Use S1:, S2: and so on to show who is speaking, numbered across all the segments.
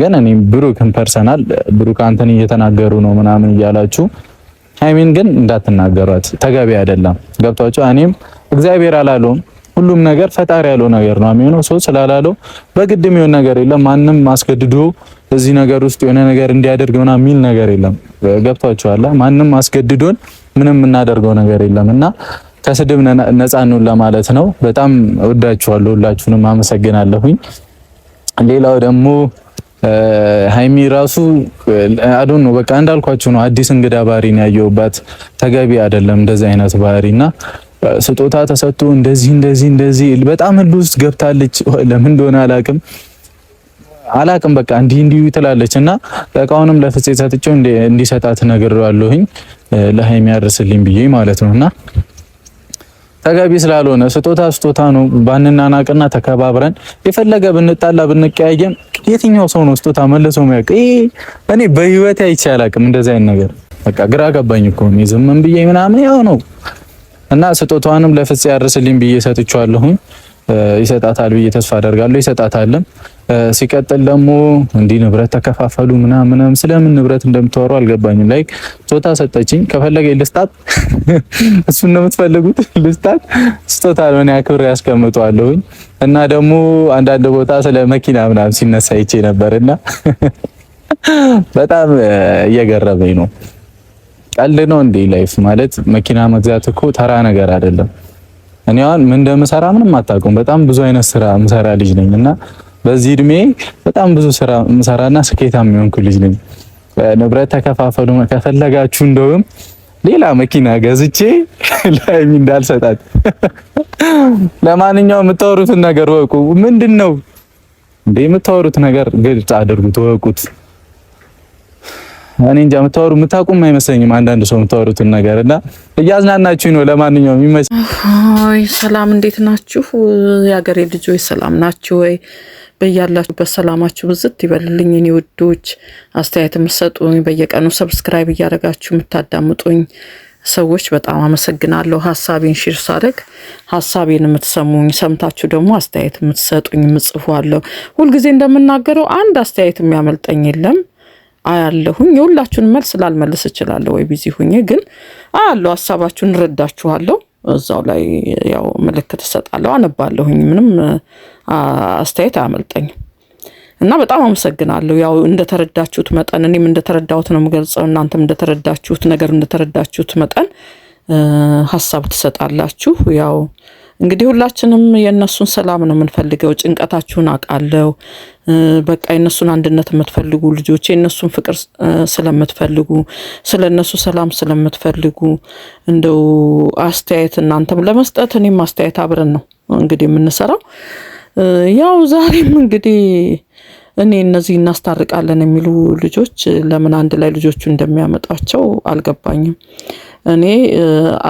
S1: ግን እኔ ብሩክን ፐርሰናል ብሩክ አንተን እየተናገሩ ነው ምናምን እያላችሁ ሃይሚን ግን እንዳትናገሯት ተገቢ አይደለም። ገብቷችሁ እኔም እግዚአብሔር አላለውም ሁሉም ነገር ፈጣሪ ያለው ነገር ነው የሚሆነው። ሰው ስላላለው በግድ የሚሆን ነገር የለም። ማንም አስገድዶ እዚህ ነገር ውስጥ የሆነ ነገር እንዲያደርግ ምናምን የሚል ነገር የለም። ገብቷችኋል? ማንም አስገድዶን ምንም የምናደርገው ነገር የለም እና ከስድብ ነፃ ነን ለማለት ነው። በጣም ወዳችኋለሁ። ሁላችሁንም አመሰግናለሁኝ። ሌላው ደግሞ ሀይሚ ራሱ አዶን ነው በቃ እንዳልኳችሁ ነው። አዲስ እንግዳ ባህሪን ያየውባት ተገቢ አይደለም እንደዚህ አይነት ባህሪና ስጦታ ተሰጥቶ እንደዚህ እንደዚህ እንደዚህ በጣም ህል ውስጥ ገብታለች። ለምን እንደሆነ አላቅም አላቅም በቃ እንዲህ እንዲህ ትላለች እና እቃውንም ለፍፄ ሰጥቼው እንዲሰጣት ነግሬዋለሁኝ። ለሀይሚ ያርስልኝ ብዬ ማለት ነውና ተገቢ ስላልሆነ ስጦታ ስጦታ ነው። ባንናናቅና ተከባብረን የፈለገ ብንጣላ ብንቀያየም የትኛው ሰው ነው ስጦታ መልሶ የሚያውቅ? እኔ በህይወቴ አይቼ አላውቅም እንደዚህ አይነት ነገር። በቃ ግራ ገባኝ እኮ ነው ዝምም ብዬ ምናምን ያው ነው እና ስጦታዋንም ለፍጽ ያድርስልኝ ብዬ ሰጥቻለሁ። ይሰጣታል ብዬ ተስፋ አደርጋለሁ። ይሰጣታልም ሲቀጥል ደግሞ እንዲህ ንብረት ተከፋፈሉ ምናምንም ስለምን ንብረት እንደምታወሩ አልገባኝም። ላይ ስጦታ ሰጠችኝ። ከፈለገ ልስጣት፣ እሱ ነው የምትፈልጉት? ልስጣት። ስጦታ ለኔ አክብር ያስቀምጠዋለሁኝ። እና ደግሞ አንዳንድ ቦታ ስለ መኪና ምናምን ሲነሳ ይቼ ነበርና በጣም እየገረመኝ ነው። ቀልድ ነው እንዴ? ላይፍ ማለት መኪና መግዛት እኮ ተራ ነገር አይደለም። እኔ አሁን ምን እንደምሰራ ምንም አታውቁም። በጣም ብዙ አይነት ስራ ምሰራ ልጅ ነኝ እና በዚህ እድሜ በጣም ብዙ ስራ ምሰራና ስኬታም የሆንኩ ልጅ ነኝ። ንብረት ተከፋፈሉ ከፈለጋችሁ እንደውም ሌላ መኪና ገዝቼ ለሚ እንዳልሰጣት። ለማንኛውም የምታወሩትን ነገር ወቁ። ምንድን ነው እንዴ የምታወሩት ነገር ግልጽ አድርጉት፣ ወቁት። እኔ እንጃ የምታወሩ የምታውቁም አይመስለኝም አንዳንድ ሰው የምታወሩትን ነገር እና እያዝናናችሁ ነው። ለማንኛውም ይመች።
S2: ሰላም፣ እንዴት ናችሁ የሀገሬ ልጆች? ሰላም ናችሁ ወይ? በያላችሁበት ሰላማችሁ ብዝት ይበልልኝ። እኔ ውዶች አስተያየት የምትሰጡኝ በየቀኑ ሰብስክራይብ እያደረጋችሁ የምታዳምጡኝ ሰዎች በጣም አመሰግናለሁ። ሀሳቤን ሺር ሳደግ ሀሳቤን የምትሰሙኝ ሰምታችሁ ደግሞ አስተያየት የምትሰጡኝ የምጽፉ አለሁ። ሁልጊዜ እንደምናገረው አንድ አስተያየት የሚያመልጠኝ የለም። አያለሁኝ የሁላችሁን መልስ ላልመልስ እችላለሁ ወይ ቢዚ ሁኜ ግን አያለሁ። ሀሳባችሁን እረዳችኋለሁ። እዛው ላይ ያው ምልክት እሰጣለሁ፣ አነባለሁኝ። ምንም አስተያየት አያመልጠኝም እና በጣም አመሰግናለሁ። ያው እንደተረዳችሁት መጠን እኔም እንደተረዳሁት ነው የምገልጸው፣ እናንተም እንደተረዳችሁት ነገር እንደተረዳችሁት መጠን ሀሳብ ትሰጣላችሁ ያው እንግዲህ ሁላችንም የእነሱን ሰላም ነው የምንፈልገው። ጭንቀታችሁን አውቃለሁ። በቃ የእነሱን አንድነት የምትፈልጉ ልጆች የእነሱን ፍቅር ስለምትፈልጉ ስለ እነሱ ሰላም ስለምትፈልጉ እንደው አስተያየት እናንተም ለመስጠት እኔም አስተያየት አብረን ነው እንግዲህ የምንሰራው። ያው ዛሬም እንግዲህ እኔ እነዚህ እናስታርቃለን የሚሉ ልጆች ለምን አንድ ላይ ልጆቹ እንደሚያመጣቸው አልገባኝም። እኔ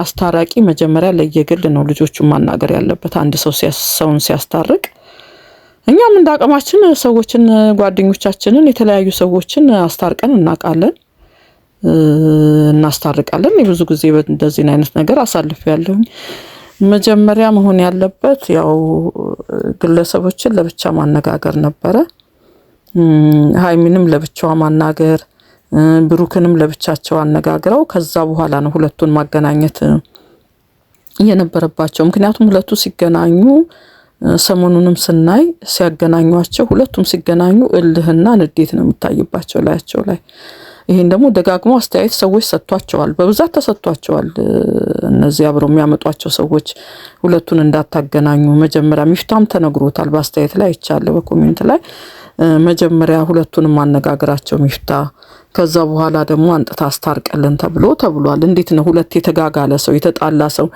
S2: አስታራቂ መጀመሪያ ለየግል ነው ልጆቹን ማናገር ያለበት። አንድ ሰው ሰውን ሲያስታርቅ እኛም እንደ አቅማችን ሰዎችን፣ ጓደኞቻችንን፣ የተለያዩ ሰዎችን አስታርቀን እናውቃለን፣ እናስታርቃለን። ብዙ ጊዜ እንደዚህን አይነት ነገር ያለሁኝ መጀመሪያ መሆን ያለበት ያው ግለሰቦችን ለብቻ ማነጋገር ነበረ። ሀይሚንም ለብቻዋ ማናገር ብሩክንም ለብቻቸው አነጋግረው ከዛ በኋላ ነው ሁለቱን ማገናኘት የነበረባቸው። ምክንያቱም ሁለቱ ሲገናኙ ሰሞኑንም ስናይ ሲያገናኟቸው ሁለቱም ሲገናኙ እልህና ንዴት ነው የሚታይባቸው ላያቸው ላይ። ይህን ደግሞ ደጋግሞ አስተያየት ሰዎች ሰጥቷቸዋል፣ በብዛት ተሰጥቷቸዋል። እነዚህ አብረው የሚያመጧቸው ሰዎች ሁለቱን እንዳታገናኙ መጀመሪያ ሚፍታም ተነግሮታል። በአስተያየት ላይ ይቻለ በኮሚኒቲ ላይ መጀመሪያ ሁለቱንም አነጋግራቸው ሚፍታ ከዛ በኋላ ደግሞ አንጥታ አስታርቀልን ተብሎ ተብሏል። እንዴት ነው ሁለት የተጋጋለ ሰው የተጣላ ሰው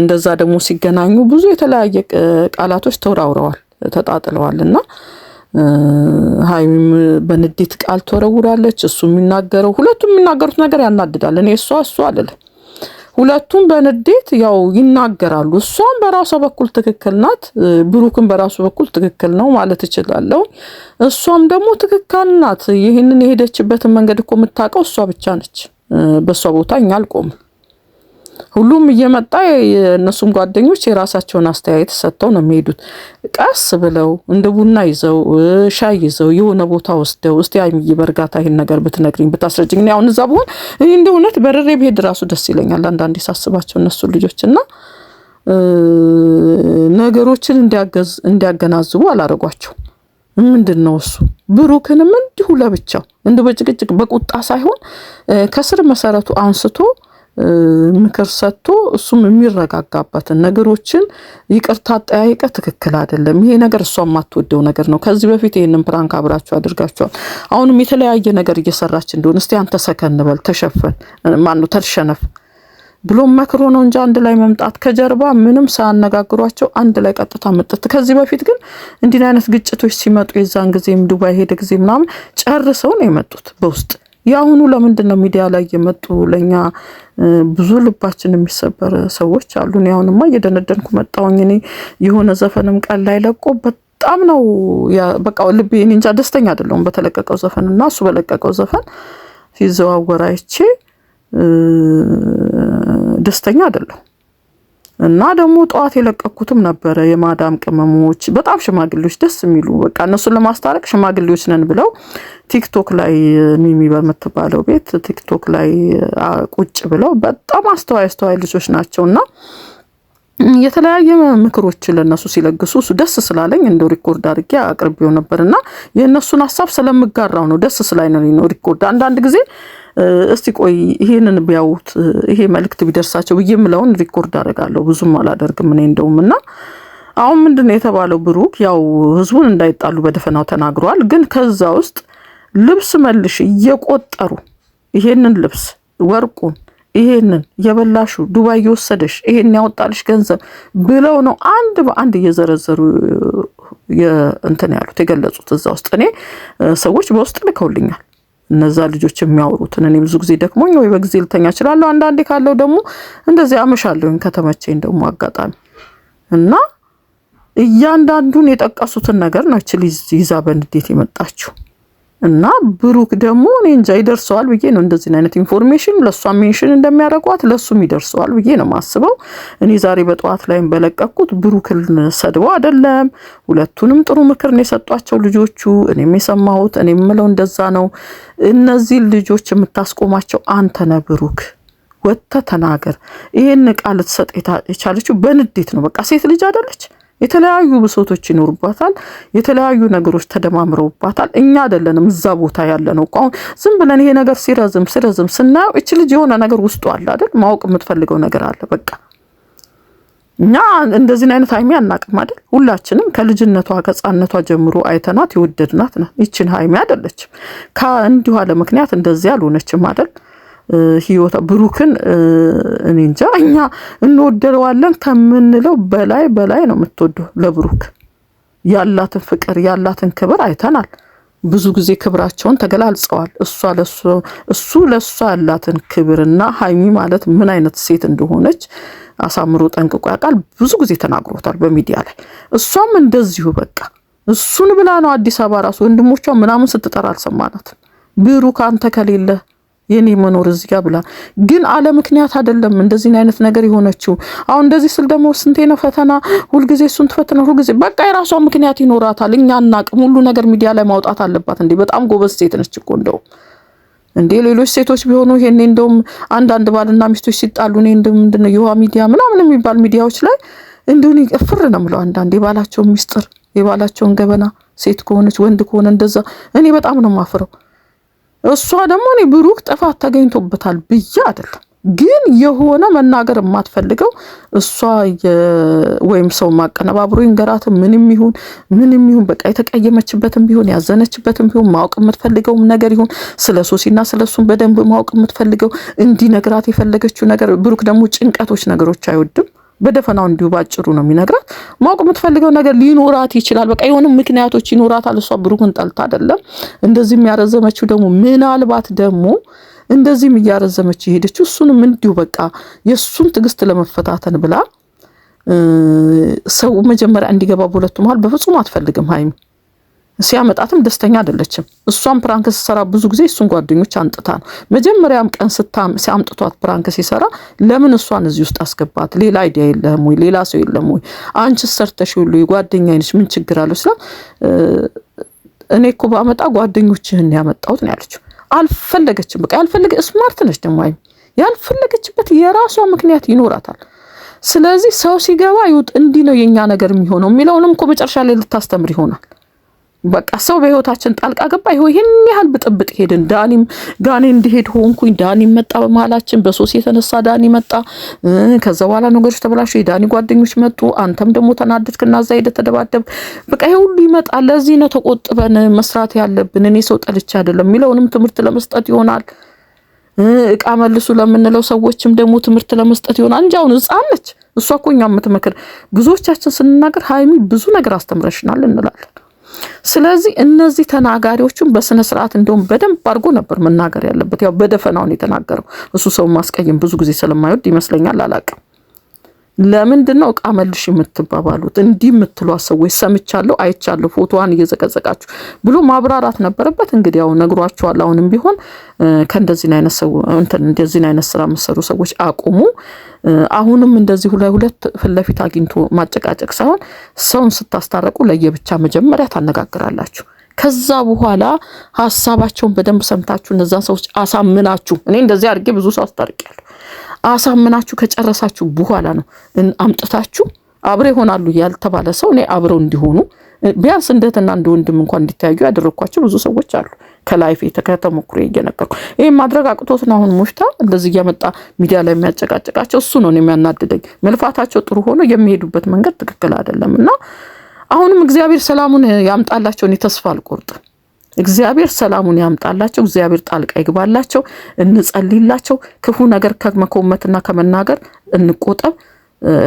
S2: እንደዛ ደግሞ ሲገናኙ ብዙ የተለያየ ቃላቶች ተወራውረዋል፣ ተጣጥለዋል እና ሀይሚም በንዴት ቃል ተወረውራለች። እሱ የሚናገረው ሁለቱም የሚናገሩት ነገር ያናድዳል። እኔ እሷ እሱ አልልም ሁለቱም በንዴት ያው ይናገራሉ። እሷም በራሷ በኩል ትክክል ናት፣ ብሩክም በራሱ በኩል ትክክል ነው ማለት እችላለሁ። እሷም ደግሞ ትክክል ናት። ይህንን የሄደችበትን መንገድ እኮ የምታውቀው እሷ ብቻ ነች። በእሷ ቦታ እኛ አልቆምም። ሁሉም እየመጣ የእነሱም ጓደኞች የራሳቸውን አስተያየት ሰጥተው ነው የሚሄዱት። ቀስ ብለው እንደ ቡና ይዘው ሻይ ይዘው የሆነ ቦታ ወስደው እስቲ ሀይሚዬ በእርጋታ ይህን ነገር ብትነግሪኝ ብታስረጅኝ፣ እኔ አሁን እዛ ብሆን እንደ እውነት በርሬ ብሄድ ራሱ ደስ ይለኛል። አንዳንዴ ሳስባቸው እነሱ ልጆች እና ነገሮችን እንዲያገናዝቡ አላደረጓቸው። ምንድን ነው እሱ ብሩክንም እንዲሁ ለብቻው እንደ በጭቅጭቅ በቁጣ ሳይሆን ከስር መሰረቱ አንስቶ ምክር ሰጥቶ እሱም የሚረጋጋበትን ነገሮችን ይቅርታ አጠያይቀ ትክክል አይደለም ይሄ ነገር እሷ የማትወደው ነገር ነው። ከዚህ በፊት ይህንን ፕራንክ አብራችሁ አድርጋችኋል። አሁንም የተለያየ ነገር እየሰራች እንደሆነ እስቲ አንተ ሰከን በል ተሸፈን፣ ማነው ተሸነፍ ብሎ መክሮ ነው እንጂ አንድ ላይ መምጣት ከጀርባ ምንም ሳያነጋግሯቸው አንድ ላይ ቀጥታ መጠት። ከዚህ በፊት ግን እንዲህ አይነት ግጭቶች ሲመጡ የዛን ጊዜም ዱባይ ሄደ ጊዜ ምናምን ጨርሰው ነው የመጡት በውስጥ የአሁኑ ለምንድን ነው ሚዲያ ላይ የመጡ ለእኛ ብዙ ልባችን የሚሰበር ሰዎች አሉ። እኔ አሁንማ እየደነደንኩ መጣሁኝ። እኔ የሆነ ዘፈንም ቀን ላይ ለቆ በጣም ነው በቃ ልቤ እኔ እንጃ ደስተኛ አይደለሁም በተለቀቀው ዘፈን እና እሱ በለቀቀው ዘፈን ሲዘዋወር አይቼ ደስተኛ አይደለሁም። እና ደግሞ ጠዋት የለቀኩትም ነበረ። የማዳም ቅመሞች በጣም ሽማግሌዎች ደስ የሚሉ በቃ እነሱን ለማስታረቅ ሽማግሌዎች ነን ብለው ቲክቶክ ላይ ሚሚ በምትባለው ቤት ቲክቶክ ላይ ቁጭ ብለው በጣም አስተዋይ አስተዋይ ልጆች ናቸው እና የተለያየ ምክሮች ለነሱ ሲለግሱ እሱ ደስ ስላለኝ እንደው ሪኮርድ አድርጌ አቅርቤው ነበር እና የእነሱን ሀሳብ ስለምጋራው ነው ደስ ስላይ ነው ሪኮርድ አንዳንድ ጊዜ እስቲ ቆይ ይሄንን ቢያዩት ይሄ መልእክት ቢደርሳቸው ብዬ ምለውን ሪኮርድ አደርጋለሁ። ብዙም አላደርግም እኔ እንደውም እና አሁን ምንድን ነው የተባለው? ብሩክ ያው ህዝቡን እንዳይጣሉ በደፈናው ተናግረዋል። ግን ከዛ ውስጥ ልብስ መልሽ እየቆጠሩ ይሄንን ልብስ ወርቁን ይሄንን የበላሹ ዱባይ የወሰደሽ ይሄን ያወጣልሽ ገንዘብ ብለው ነው አንድ በአንድ እየዘረዘሩ እንትን ያሉት የገለጹት። እዛ ውስጥ እኔ ሰዎች በውስጥ ልከውልኛል እነዛ ልጆች የሚያወሩትን። እኔ ብዙ ጊዜ ደክሞኝ ወይ በጊዜ ልተኛ እችላለሁ። አንዳንዴ ካለው ደግሞ እንደዚህ አመሻለሁኝ ከተመቼኝ ደግሞ አጋጣሚ እና እያንዳንዱን የጠቀሱትን ነገር ነው ይዛ በንዴት የመጣችው። እና ብሩክ ደግሞ እኔ እንጃ ይደርሰዋል ብዬ ነው እንደዚህ አይነት ኢንፎርሜሽን ለእሷ ሜንሽን እንደሚያደርጓት ለእሱም ይደርሰዋል ብዬ ነው ማስበው። እኔ ዛሬ በጠዋት ላይም በለቀኩት ብሩክን ሰድበው አይደለም ሁለቱንም ጥሩ ምክር ነው የሰጧቸው ልጆቹ። እኔም የሰማሁት እኔ የምለው እንደዛ ነው። እነዚህ ልጆች የምታስቆማቸው አንተ ነህ ብሩክ። ወጥተህ ተናገር። ይሄን ቃል ልትሰጥ የቻለችው በንዴት ነው። በቃ ሴት ልጅ አይደለች የተለያዩ ብሶቶች ይኖሩባታል። የተለያዩ ነገሮች ተደማምረውባታል። እኛ አይደለንም እዛ ቦታ ያለ ነው። አሁን ዝም ብለን ይሄ ነገር ሲረዝም ሲረዝም ስናየው እች ልጅ የሆነ ነገር ውስጡ አለ አይደል? ማወቅ የምትፈልገው ነገር አለ። በቃ እኛ እንደዚህን አይነት ሀይሚ አናቅም አይደል? ሁላችንም ከልጅነቷ ከሕፃነቷ ጀምሮ አይተናት የወደድናት ናት። ይችን ሀይሚ አይደለችም። ከእንዲሁ አለ ምክንያት እንደዚህ አልሆነችም አይደል? ህይወት ብሩክን እኔ እንጃ እኛ እንወደለዋለን ከምንለው በላይ በላይ ነው የምትወደው። ለብሩክ ያላትን ፍቅር ያላትን ክብር አይተናል። ብዙ ጊዜ ክብራቸውን ተገላልጸዋል። እሷ ለሱ እሱ ለእሷ ያላትን ክብርና ሀይሚ ማለት ምን አይነት ሴት እንደሆነች አሳምሮ ጠንቅቆ ያውቃል። ብዙ ጊዜ ተናግሮታል በሚዲያ ላይ። እሷም እንደዚሁ በቃ እሱን ብላ ነው አዲስ አበባ ራሱ ወንድሞቿ ምናምን ስትጠራ አልሰማናትም። ብሩክ አንተ ከሌለ የኔ መኖር እዚህ ጋር ብላ ግን አለ ምክንያት አይደለም እንደዚህ አይነት ነገር የሆነችው። አሁን እንደዚህ ስል ደግሞ ስንቴ ነው ፈተና ሁልጊዜ እሱን ትፈትነ ሁልጊዜ በቃ የራሷ ምክንያት ይኖራታል። እኛ እናቅም ሁሉ ነገር ሚዲያ ላይ ማውጣት አለባት እንዴ! በጣም ጎበዝ ሴት ነች እኮ እንደው እንዴ ሌሎች ሴቶች ቢሆኑ ይሄኔ እንደውም አንዳንድ ባልና ሚስቶች ሲጣሉ እኔ ምንድን ነው የውሃ ሚዲያ ምናምን የሚባል ሚዲያዎች ላይ እንዲሁን ፍር ነው ምለው አንዳንድ የባላቸውን ሚስጥር የባላቸውን ገበና ሴት ከሆነች ወንድ ከሆነ እንደዛ እኔ በጣም ነው ማፍረው። እሷ ደግሞ እኔ ብሩክ ጥፋት ተገኝቶበታል ብዬ አይደለም ግን የሆነ መናገር የማትፈልገው እሷ ወይም ሰው ማቀነባብሮ ይንገራትም ምንም ይሁን ምንም ይሁን በቃ የተቀየመችበትም ቢሆን ያዘነችበትም ቢሆን ማወቅ የምትፈልገውም ነገር ይሁን ስለ ሶሲና ስለ እሱም በደንብ ማወቅ የምትፈልገው እንዲነግራት የፈለገችው ነገር ብሩክ ደግሞ ጭንቀቶች ነገሮች አይወድም። በደፈናው እንዲሁ ባጭሩ ነው የሚነግራት። ማወቅ የምትፈልገው ነገር ሊኖራት ይችላል። በቃ የሆንም ምክንያቶች ይኖራታል። እሷ ብሩክን ጠልታ አይደለም። እንደዚህ ያረዘመችው ደግሞ ምናልባት ደግሞ እንደዚህም እያረዘመች የሄደችው እሱንም እንዲሁ በቃ የእሱን ትዕግስት ለመፈታተን ብላ ሰው መጀመሪያ እንዲገባ በሁለቱ መሀል በፍጹም አትፈልግም ሀይሚ ሲያመጣትም ደስተኛ አይደለችም። እሷም ፕራንክ ሲሰራ ብዙ ጊዜ እሱን ጓደኞች አንጥታ ነው። መጀመሪያም ቀን ሲያምጥቷት ፕራንክ ሲሰራ ለምን እሷን እዚህ ውስጥ አስገባት? ሌላ አይዲያ የለህም ወይ? ሌላ ሰው የለም ወይ? አንቺ ሰርተሽ ሁሉ ጓደኛ አይነች ምን ችግር አለው ስላ እኔ እኮ ባመጣ ጓደኞችህን ያመጣሁት ነው ያለችው። አልፈለገችም። በቃ ያልፈለገ ስማርት ነች ደግሞ ያልፈለገችበት የራሷ ምክንያት ይኖራታል። ስለዚህ ሰው ሲገባ ይውጥ እንዲህ ነው የኛ ነገር የሚሆነው የሚለውንም እኮ መጨረሻ ላይ ልታስተምር ይሆናል። በቃ ሰው በህይወታችን ጣልቃ ገባ። ይሆ ይህን ያህል ብጥብጥ ሄድን። ዳኒም ዳኒ እንዲሄድ ሆንኩኝ። ዳኒ መጣ በመሀላችን፣ በሶስ የተነሳ ዳኒ መጣ። ከዛ በኋላ ነገሮች ተበላሹ። የዳኒ ጓደኞች መጡ። አንተም ደግሞ ተናደድክና እዛ ሄደህ በቃ ይሄ ሁሉ ይመጣል። ለዚህ ነው ተቆጥበን መስራት ያለብን። እኔ ሰው ጠልቼ አይደለም የሚለውንም ትምህርት ለመስጠት ይሆናል። እቃ መልሱ ለምንለው ሰዎችም ደግሞ ትምህርት ለመስጠት ይሆናል እንጂ አሁን ህፃን ነች እሷ። እኮ እኛ የምትመክር ብዙዎቻችን ስንናገር ሀይሚ ብዙ ነገር አስተምረሽናል እንላለን ስለዚህ እነዚህ ተናጋሪዎችን በስነ ስርዓት እንደውም በደንብ አድርጎ ነበር መናገር ያለበት። ያው በደፈናውን የተናገረው እሱ ሰው ማስቀየም ብዙ ጊዜ ስለማይወድ ይመስለኛል አላቅም። ለምንድን ነው እቃ መልሽ የምትባባሉት? እንዲህ የምትሏት ሰዎች ሰምቻለሁ፣ አይቻለሁ፣ ፎቶዋን እየዘቀዘቃችሁ ብሎ ማብራራት ነበረበት። እንግዲህ ያው ነግሯችኋል። አሁንም ቢሆን ከእንደዚህ አይነት ሰው እንትን እንደዚህ አይነት ስራ የምትሰሩ ሰዎች አቁሙ። አሁንም እንደዚህ ሁለት ሁለት ፊት ለፊት አግኝቶ ማጨቃጨቅ ሳይሆን ሰውን ስታስታረቁ ለየብቻ መጀመሪያ ታነጋግራላችሁ። ከዛ በኋላ ሀሳባቸውን በደንብ ሰምታችሁ እነዛን ሰዎች አሳምናችሁ እኔ እንደዚህ አድርጌ ብዙ ሰው ያለሁ አሳምናችሁ ከጨረሳችሁ በኋላ ነው አምጥታችሁ አብረው ይሆናሉ ያልተባለ ሰው እኔ አብረው እንዲሆኑ ቢያንስ እንደትና እንደ ወንድም እንኳን እንዲተያዩ ያደረግኳቸው ብዙ ሰዎች አሉ። ከላይፍ ከተሞክሮ እየነገርኩ ይህም ማድረግ አቅቶት ነው። አሁን ሙሽታ እንደዚህ እያመጣ ሚዲያ ላይ የሚያጨቃጨቃቸው እሱ ነው የሚያናድደኝ። መልፋታቸው ጥሩ ሆኖ የሚሄዱበት መንገድ ትክክል አይደለም እና አሁንም እግዚአብሔር ሰላሙን ያምጣላቸውን የተስፋ አልቆርጥም። እግዚአብሔር ሰላሙን ያምጣላቸው። እግዚአብሔር ጣልቃ ይግባላቸው። እንጸልይላቸው። ክፉ ነገር ከመኮመትና ከመናገር እንቆጠብ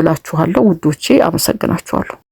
S2: እላችኋለሁ ውዶቼ። አመሰግናችኋለሁ።